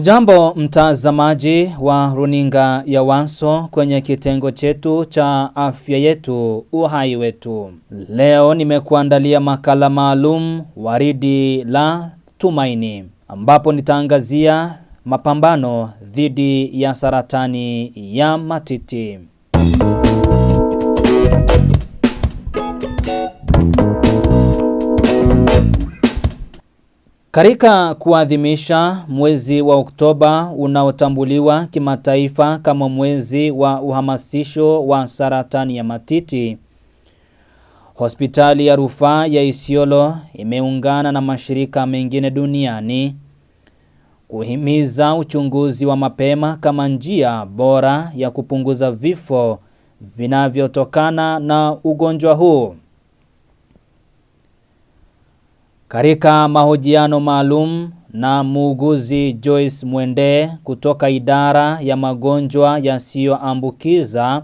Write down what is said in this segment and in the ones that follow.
Hujambo mtazamaji wa runinga ya Waso kwenye kitengo chetu cha afya yetu uhai wetu. Leo nimekuandalia makala maalum waridi la tumaini, ambapo nitaangazia mapambano dhidi ya saratani ya matiti. Katika kuadhimisha mwezi wa Oktoba unaotambuliwa kimataifa kama mwezi wa uhamasisho wa saratani ya matiti, Hospitali ya Rufaa ya Isiolo imeungana na mashirika mengine duniani kuhimiza uchunguzi wa mapema kama njia bora ya kupunguza vifo vinavyotokana na ugonjwa huu. Katika mahojiano maalum na muuguzi Joyce Mwende kutoka idara ya magonjwa yasiyoambukiza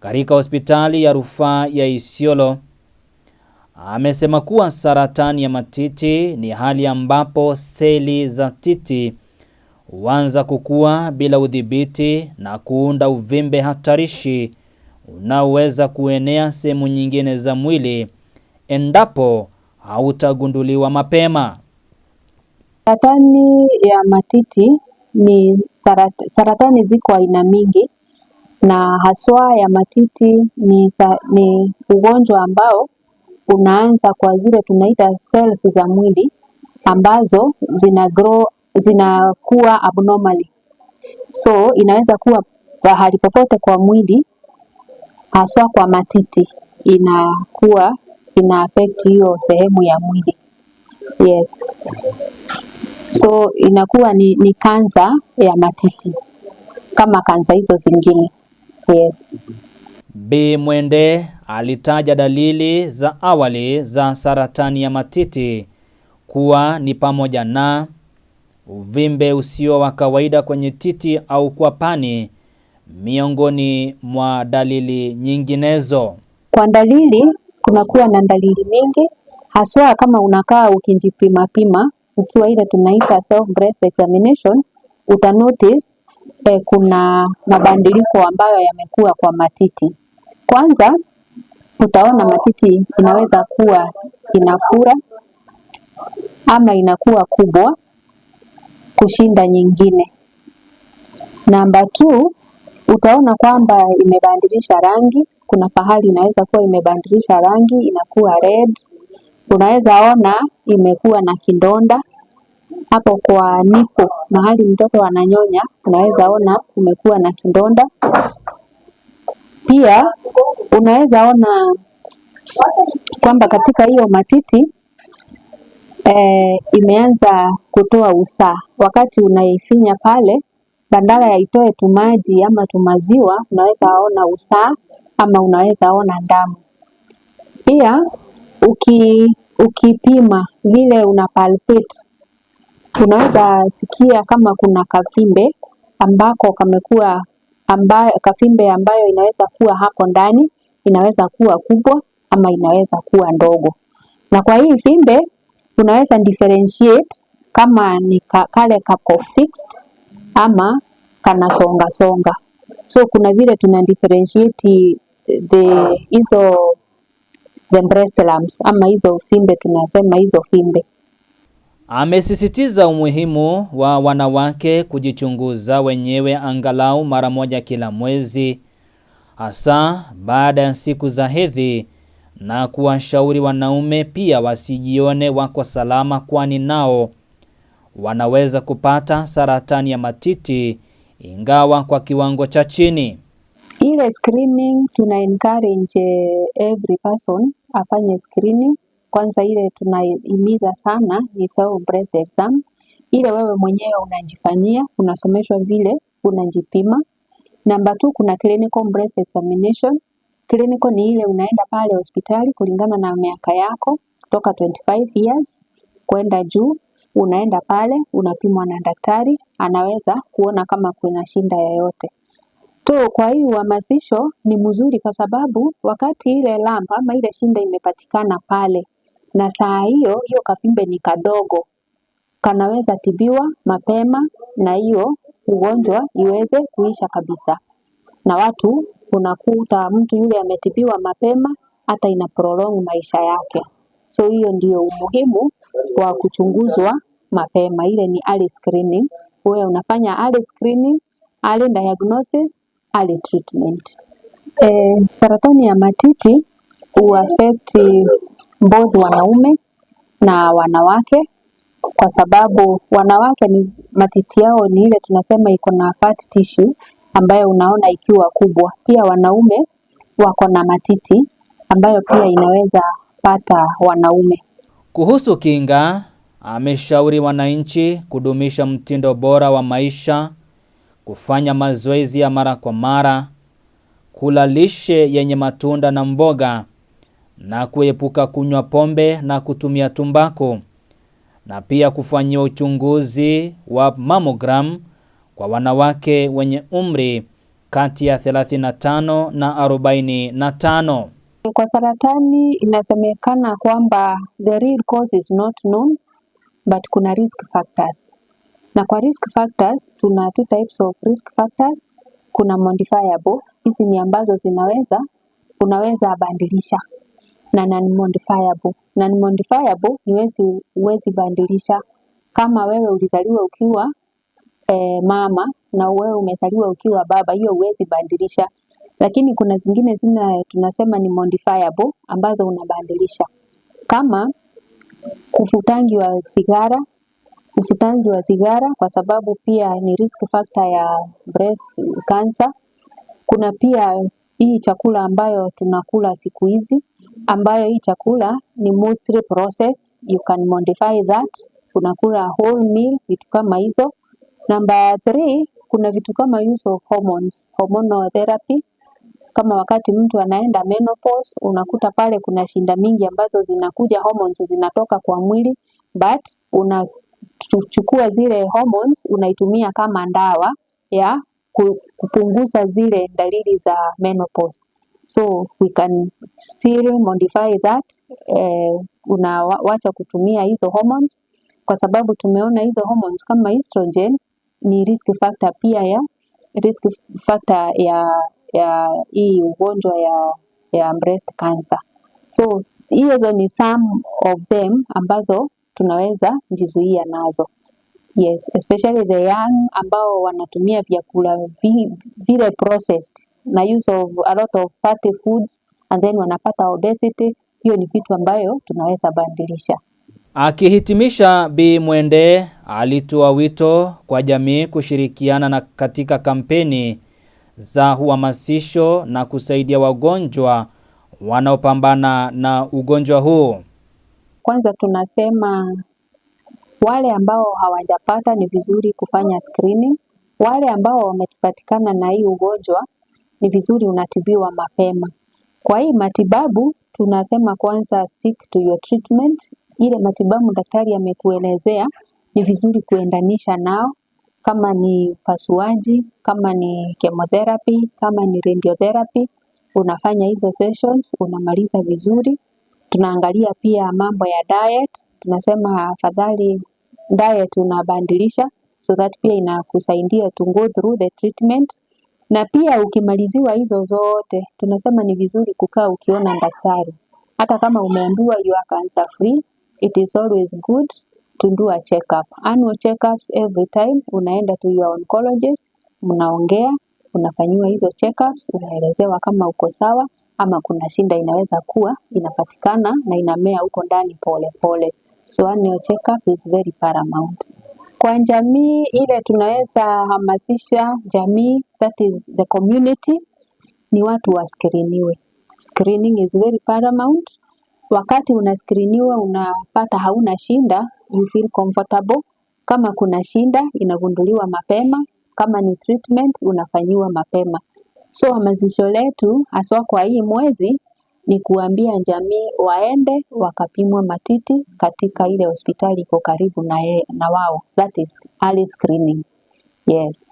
katika hospitali ya rufaa ya Isiolo, amesema kuwa saratani ya matiti ni hali ambapo seli za titi huanza kukua bila udhibiti na kuunda uvimbe hatarishi unaoweza kuenea sehemu nyingine za mwili endapo hautagunduliwa mapema. Saratani ya matiti ni sarat, saratani ziko aina mingi na haswa ya matiti ni, sa, ni ugonjwa ambao unaanza kwa zile tunaita cells za mwili ambazo zina grow, zinakuwa abnormally. So inaweza kuwa pahali popote kwa mwili haswa kwa matiti inakuwa ina affect hiyo sehemu ya mwili. Yes. So inakuwa ni, ni kansa ya matiti kama kansa hizo zingine. Yes. Bi Mwende alitaja dalili za awali za saratani ya matiti kuwa ni pamoja na uvimbe usio wa kawaida kwenye titi au kwapani, miongoni mwa dalili nyinginezo. Kwa dalili kunakuwa na dalili mingi, haswa kama unakaa ukijipimapima ukiwa ile tunaita self breast examination, uta notice eh, kuna mabadiliko ambayo yamekuwa kwa matiti. Kwanza utaona matiti inaweza kuwa inafura ama inakuwa kubwa kushinda nyingine. Namba two utaona kwamba imebadilisha rangi. Kuna pahali inaweza kuwa imebadilisha rangi inakuwa red. Unaweza ona imekuwa na kidonda hapo kwa nipo mahali mtoto ananyonya, unaweza ona kumekuwa na kidonda. Pia unaweza ona kwamba katika hiyo matiti e, imeanza kutoa usaa wakati unaifinya pale badala ya itoe tu maji ama tu maziwa, unaweza ona usaa ama unaweza ona damu. Pia uki, ukipima vile una palpate, unaweza sikia kama kuna kafimbe ambako kamekuwa ambayo, kafimbe ambayo inaweza kuwa hapo ndani, inaweza kuwa kubwa ama inaweza kuwa ndogo. Na kwa hii fimbe unaweza differentiate kama ni kale kako fixed ama songa songa. So kuna vile tuna differentiate the hizo the breast lumps ama hizo fimbe, tunasema hizo fimbe. Amesisitiza umuhimu wa wanawake kujichunguza wenyewe angalau mara moja kila mwezi, hasa baada ya siku za hedhi, na kuwashauri wanaume pia wasijione wako salama, kwani nao wanaweza kupata saratani ya matiti ingawa kwa kiwango cha chini. Ile screening tuna encourage eh, every person afanye screening. Kwanza ile tunahimiza sana ni self breast exam, ile wewe mwenyewe unajifanyia, unasomeshwa vile unajipima. Namba tu kuna clinical breast examination. Clinical ni ile unaenda pale hospitali kulingana na miaka yako kutoka 25 years kwenda juu unaenda pale unapimwa na daktari, anaweza kuona kama kuna shida yoyote. to kwa hii uhamasisho ni mzuri kwa sababu wakati ile lump ama ile shida imepatikana pale na saa hiyo hiyo kafimbe ni kadogo, kanaweza tibiwa mapema na hiyo ugonjwa iweze kuisha kabisa. Na watu unakuta mtu yule ametibiwa mapema hata ina prolong maisha yake. So hiyo ndio umuhimu wa kuchunguzwa mapema, ile ni early screening. Wewe unafanya early screening, early diagnosis, early treatment. E, saratani ya matiti huafekti both wanaume na wanawake kwa sababu wanawake ni matiti yao ni ile tunasema iko na fat tissue ambayo unaona ikiwa kubwa. Pia wanaume wako na matiti ambayo pia inaweza pata wanaume. Kuhusu kinga, ameshauri wananchi kudumisha mtindo bora wa maisha, kufanya mazoezi ya mara kwa mara, kula lishe yenye matunda na mboga na kuepuka kunywa pombe na kutumia tumbaku na pia kufanyia uchunguzi wa mammogram kwa wanawake wenye umri kati ya 35 na 45. Kwa saratani inasemekana kwamba the real cause is not known but kuna risk factors. Na kwa risk factors tuna two types of risk factors, kuna modifiable. Hizi ni ambazo zinaweza unaweza bandilisha na non modifiable. Non modifiable ni wezi wezi kama wewe ulizaliwa ukiwa eh, mama na wewe umezaliwa ukiwa baba, hiyo uwezi bandilisha. Lakini kuna zingine zina tunasema ni modifiable ambazo unabadilisha kama ufutangi wa sigara, ufutangi wa sigara kwa sababu pia ni risk factor ya breast cancer. Kuna pia hii chakula ambayo tunakula siku hizi ambayo hii chakula ni mostly processed, you can modify that. Unakula whole meal, vitu kama hizo. Namba three, kuna vitu kama use of hormones, hormonal therapy kama wakati mtu anaenda menopause, unakuta pale kuna shinda mingi ambazo zinakuja hormones zinatoka kwa mwili but unachukua zile hormones unaitumia kama ndawa ya kupunguza zile dalili za menopause. So we can still modify that eh, unawacha kutumia hizo hormones kwa sababu tumeona hizo hormones kama estrogen ni risk factor pia ya risk factor ya ya hii ugonjwa ya, ya breast cancer. So hizo ni some of them ambazo tunaweza jizuia nazo. Yes, especially the young ambao wanatumia vyakula vile processed na use of a lot of fatty foods and then wanapata obesity. Hiyo ni vitu ambayo tunaweza badilisha. Akihitimisha, Bi Mwende alitoa wito kwa jamii kushirikiana na katika kampeni za uhamasisho na kusaidia wagonjwa wanaopambana na ugonjwa huu? Kwanza tunasema wale ambao hawajapata ni vizuri kufanya screening. Wale ambao wamepatikana na hii ugonjwa ni vizuri unatibiwa mapema. Kwa hii matibabu tunasema kwanza, stick to your treatment. Ile matibabu daktari amekuelezea ni vizuri kuendanisha nao kama ni upasuaji, kama ni chemotherapy, kama ni radiotherapy. Unafanya hizo sessions unamaliza vizuri. Tunaangalia pia mambo ya diet, tunasema afadhali diet unabadilisha so that pia inakusaidia to go through the treatment. Na pia ukimaliziwa hizo zote, tunasema ni vizuri kukaa ukiona daktari, hata kama umeambiwa you are cancer free, it is always good to do a checkup. Annual checkups every time, unaenda to your oncologist, mnaongea, unafanyiwa hizo checkups, unaelezewa kama uko sawa ama kuna shida inaweza kuwa inapatikana na inamea huko ndani pole pole. So annual checkup is very paramount. Kwa jamii ile tunaweza hamasisha jamii, that is the community, ni watu waskriniwe. Screening is very paramount. Wakati unaskriniwa unapata hauna shinda you feel comfortable Kama kuna shinda inagunduliwa mapema, kama ni treatment unafanyiwa mapema. So hamasisho letu haswa kwa hii mwezi ni kuambia jamii waende wakapimwa matiti katika ile hospitali iko karibu na, ye, na wao that is early screening. Yes.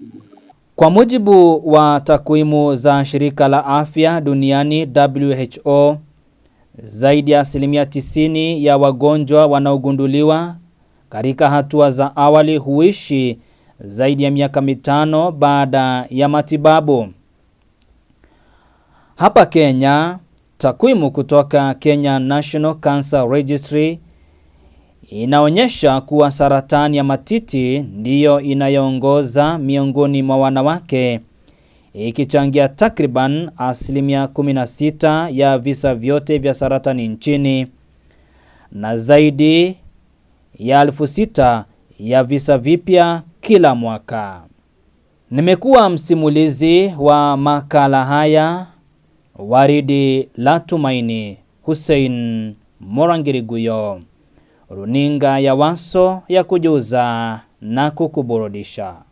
Kwa mujibu wa takwimu za shirika la afya duniani WHO zaidi ya asilimia tisini ya wagonjwa wanaogunduliwa katika hatua za awali huishi zaidi ya miaka mitano baada ya matibabu. Hapa Kenya, takwimu kutoka Kenya National Cancer Registry inaonyesha kuwa saratani ya matiti ndiyo inayoongoza miongoni mwa wanawake ikichangia takriban asilimia 16 ya visa vyote vya saratani nchini na zaidi ya elfu sita ya visa vipya kila mwaka. Nimekuwa msimulizi wa makala haya Waridi la Tumaini, Hussein Morangiriguyo, runinga ya Waso ya kujuza na kukuburudisha.